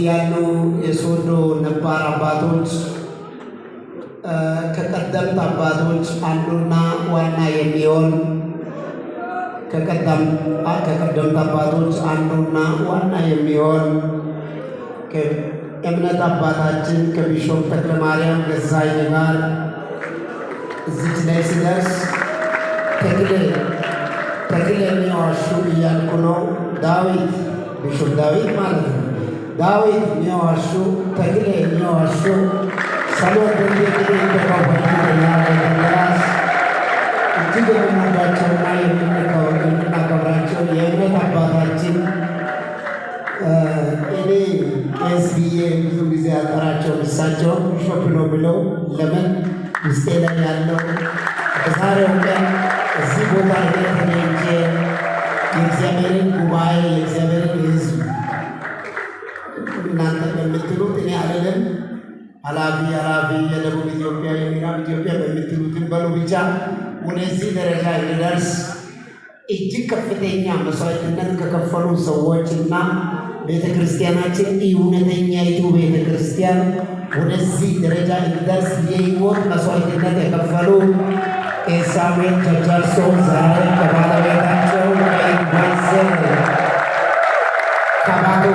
እዚህ ያሉ የሶዶ ነባር አባቶች ከቀደምት አባቶች አንዱና ዋና የሚሆን ከቀደምት አባቶች አንዱና ዋና የሚሆን እምነት አባታችን ከቢሾፕ ተክለ ማርያም ገዛኝ ጋር እዚች ላይ ስደርስ ተክል ተክለ የሚዋሹ እያልኩ ነው። ዳዊት ቢሾፕ ዳዊት ማለት ነው። ዳዊት የሚዋሹ ተክሌ የሚዋሹ ሰሎት እንዴት እንደተፈወራስ እጅግ የምንወዳቸውና የምናከብራቸው የእምነት አባታችን እኔ ቄስ ብዬ ብዙ ጊዜ አጠራቸው። እሳቸው ሾፕ ነው ብለው ለምን ውስጤ ላይ ያለው በዛሬው ቀን እዚህ ቦታ ሄ ተገኝቼ የእግዚአብሔርን ጉባኤ የእግዚአብሔርን ሕዝብ እናንተ በምትሉት እኔ አለለም አላፊ አላፊ የደቡብ ኢትዮጵያ የምዕራብ ኢትዮጵያ በምትሉትን በሉ ብቻ ወደዚህ ደረጃ የሚደርስ እጅግ ከፍተኛ መስዋዕትነት ከከፈሉ ሰዎች እና ቤተ ክርስቲያናችን እውነተኛ እውነተኛይቱ ቤተ ክርስቲያን ወደዚህ ደረጃ እንድደርስ የህይወት መስዋዕትነት የከፈሉ ኤሳቤል ጨጨርሶ ዛሬ ከባለቤታቸው ይዘ ከባቱ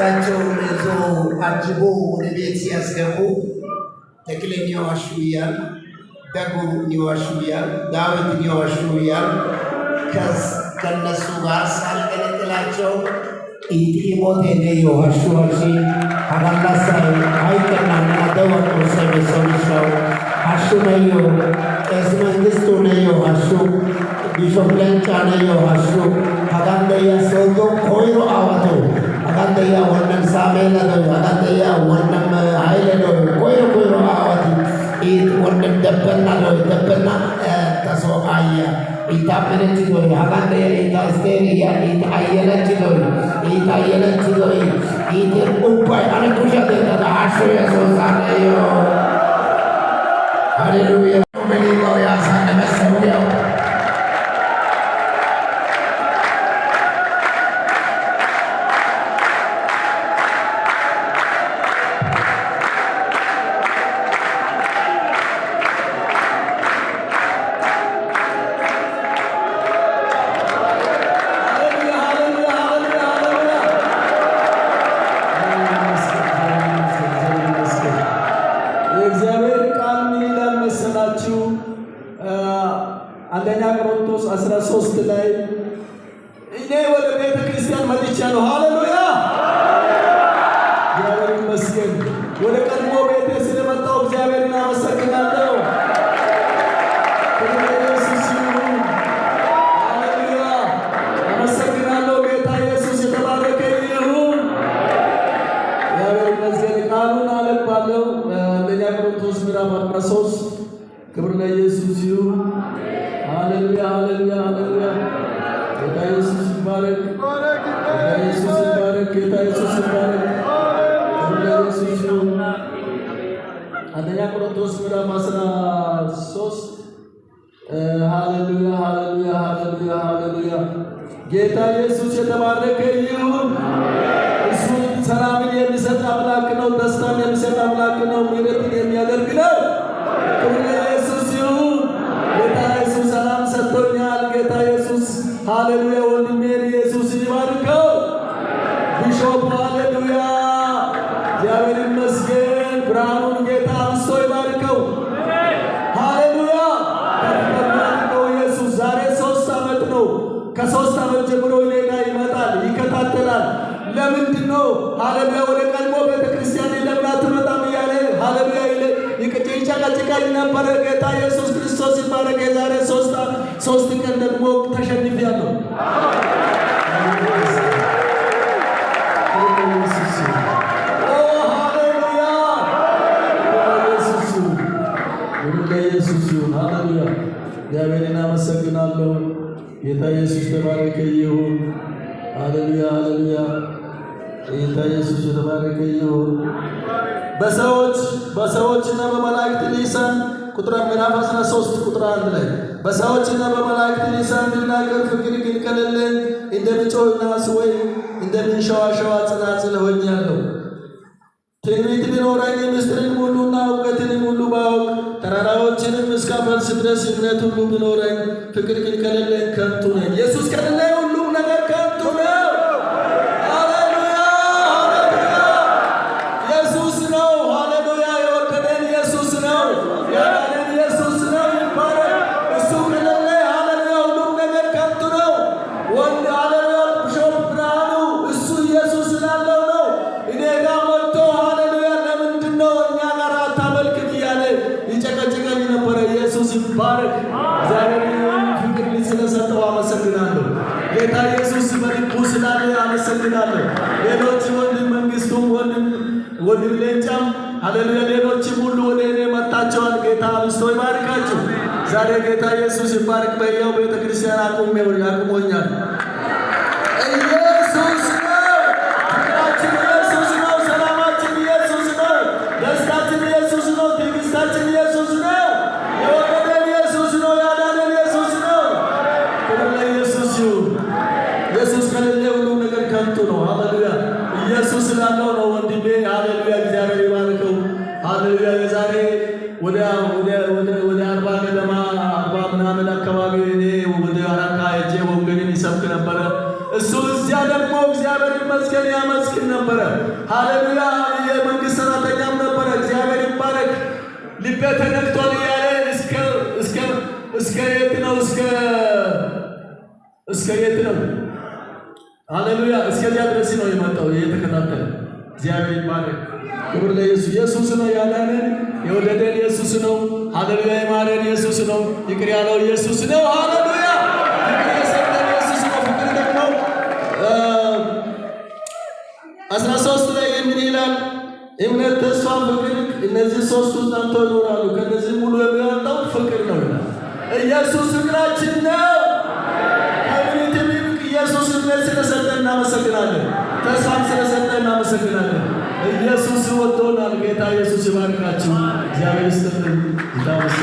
እሳቸውን ይዞ አጅቦ ወደ ቤት ሲያስገቡ ተክልን ይዋሹ እያል ደጉን ይዋሹ እያል ዳዊትን ይዋሹ እያል ከነሱ ጋር ሳልቀለቅላቸው ኢጢሞቴኔ የዋሹዋሺ አላላሳይ አይቀናናደወቆሰበሰብሰው አሹ ነዮ ቄስ መንግስቱ ነዮ አሹ ቢሾፕ ለንጫ ነዮ አሹ ሀጋንደያ ሰውቶ ኮይሮ አዋተው वॻंदई आहे हुन में सामेल अथई वॻंदई आहे हुन में आयल अथई कोई न कोई रोआ वठी ई हुन में दपन अथई दपन तसो आई आहे ईता पेरेंट थी वई हालांकि ईता स्टेरी आहे ईता आयल थी वई ईता आयल ऊपर अने देता आश्रय सोसाने यो हालेलुया ሃሌሉያ ሃሌሉያ ሃሌሉያ ሃሌሉያ። ጌታ ኢየሱስ የተባረከ ይሁን። እሱ ሰላምን የሚሰጥ አምላክ ነው። ደስታን የሚሰጥ አምላክ ነው። ምሕረትን የሚያደርግ ነው። ከሶስት ዓመት ጀምሮ ሌላ ይመጣል፣ ይከታተላል። ለምንድን ነው ሀለሚያ ወደ ቀድሞ ቤተክርስቲያን ለምን አትመጣም እያለ ሀለሚያ ይጨቀጭቃል ነበረ። ጌታ ኢየሱስ ክርስቶስ ይባረክ። የዛሬ ሶስት ቀን ደግሞ ተሸንፊያለሁ። ኢየሱስ ይሁን። ሀሌሉያ! እግዚአብሔርን አመሰግናለሁ ጌታ የተባረከ ይሁን። ሃሌሉያ ሃሌሉያ። ጌታ ኢየሱስ የተባረከ ይሁን። በሰዎች በሰዎችና በመላእክት ሊሳን ቁጥር ምዕራፍ 13 ቁጥር 1 ላይ በሰዎችና በመላእክት ሊሳን ብናገር ፍቅር ግን ከሌለን እንደምጮህ ወይም እንደምንሸዋሸዋ ጽናጽል ሆኛለሁ። ትንቢት ቢኖረኝ ምስጢርን ሁሉና እውቀትንም ሁሉ ባውቅ ተራራዎችንም እስካፈልስ ድረስ እምነት ሁሉ ብኖረኝ ፍቅር ግን ከሌለኝ ከንቱ ነኝ። ኢየሱስ ከሌለኝ ሁሉ አለልያ ሌሎችም ሁሉ ወደ እኔ መጣቸዋል። ጌታ አብስቶ ይባርካችሁ። ዛሬ ጌታ ኢየሱስ ይባርክ። በያው ቤተክርስቲያን ክርስቲያን አቁሜ አቁሞኛል ኢየሱስ ወደ አርባ ከተማ አርባ ምናምን አካባቢ እኔ ወደ አራካ ሄጄ ወንጌልን ይሰብክ ነበረ። እሱ እዚያ ደግሞ እግዚአብሔር ይመስገን ያመስግን ነበረ። ሃሌሉያ የመንግስት ሰራተኛም ነበረ። እግዚአብሔር ይባረክ። ልቤ ተነክቷል እያለ እስከ እስከ እስከ የት ነው እስከ እስከ የት ነው? ሃሌሉያ እስከዚያ ድረስ ነው የመጣው የተከታተለ እግዚአብሔር ይባረክ። ክብር ለኢየሱስ። ኢየሱስ ነው ያዳነን፣ የወደደን ኢየሱስ ነው። ሃሌሉያ! የማረን ኢየሱስ ነው። ይቅር ያለው ኢየሱስ ነው። ሃሌሉያ! ፍቅር የሰጠን ኢየሱስ ነው። ፍቅር ደግሞ አስራ ሶስት ላይ የምን ይላል? እምነት፣ ተስፋ፣ ፍቅር እነዚህ ሶስቱ እናንተ ይኖራሉ፣ ከነዚህ ሙሉ የሚወጣው ፍቅር ነው ይላል። ኢየሱስ ፍቅራችን ነው። ኢየሱስ እምነት ስለሰጠን እናመሰግናለን። ተስፋን ስለሰጠን እናመሰግናለን። ኢየሱስ ወዶናል። ጌታ ኢየሱስ ይባርካችሁ። እግዚአብሔር ይስጥልን። ይታወሰ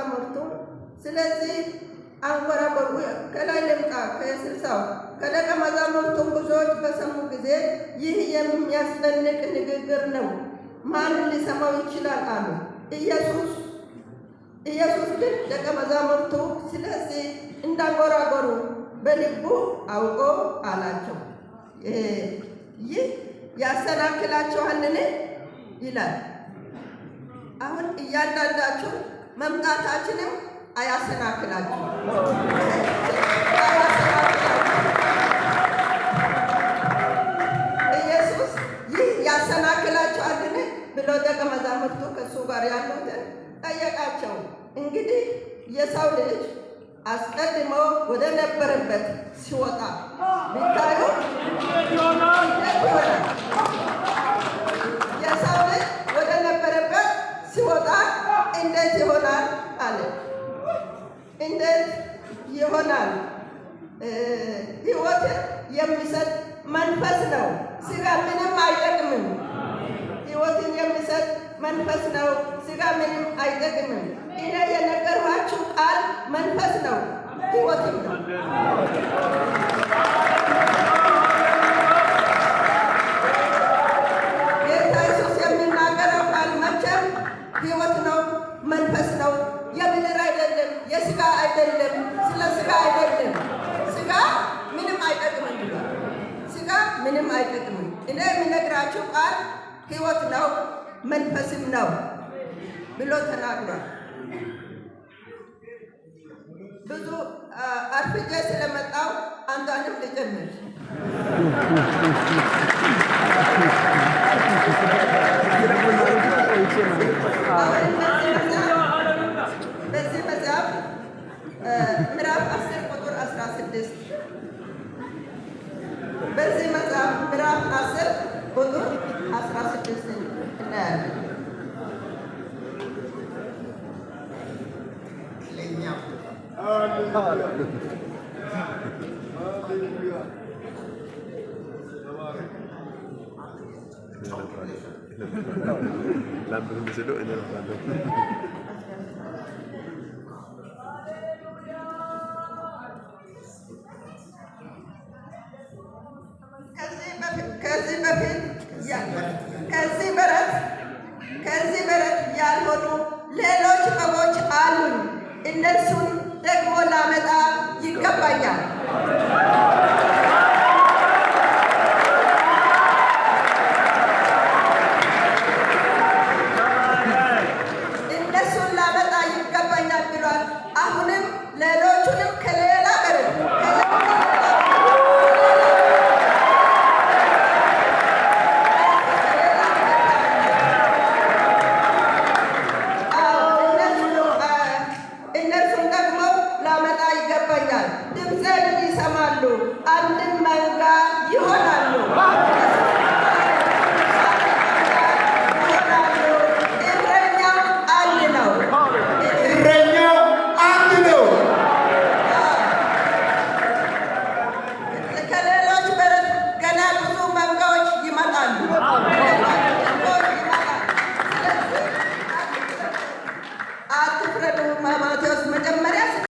አዛሙርቱ ስለዚህ አንኮራኮሩ፣ ከላይ ልምጣ ከስልሳው ከደቀ መዛሙርቱም ብዙዎች በሰሙ ጊዜ ይህ የሚያስደንቅ ንግግር ነው፣ ማን ሊሰማው ይችላል አሉ። ኢየሱስ ኢየሱስ ግን ደቀ መዛሙርቱ ስለዚህ እንዳንጎራጎሩ በልቡ አውቆ አላቸው፣ ይህ ያሰናክላቸዋልን? ይላል። አሁን እያንዳንዳችሁ መምጣታችንም አያሰናክላችሁ። ኢየሱስ ይህ ያሰናክላችኋልን ብሎ ደቀ መዛሙርቱ ከእሱ ጋር ያሉትን ጠየቃቸው። እንግዲህ የሰው ልጅ አስቀድሞ ወደ ነበረበት ሲወጣ ቢታዩ ይሆናል እንዴት ይሆናል? ህይወትን የሚሰጥ መንፈስ ነው። ስጋ ምንም አይጠቅምም። ሕይወትን የሚሰጥ መንፈስ ነው። ስጋ ምንም አይጠቅምም። እኔ የነገርኋችሁ ቃል መንፈስ ነው፣ ሕይወትም ነው። ምንም አይጠቅምም። እኔ የምነግራችሁ ቃል ህይወት ነው መንፈስም ነው ብሎ ተናግሯል። ብዙ አርፍጄ ስለመጣው አንዷንም ልጀምር በዚህ መጽሐፍ ምዕራፍ አስር ቁጥር አስራ ስድስት እናያለን። ለኛ ያልሆኑ ሌሎች መቦች አሉኝ። እነርሱን ደግሞ ላመጣ ይገባኛል።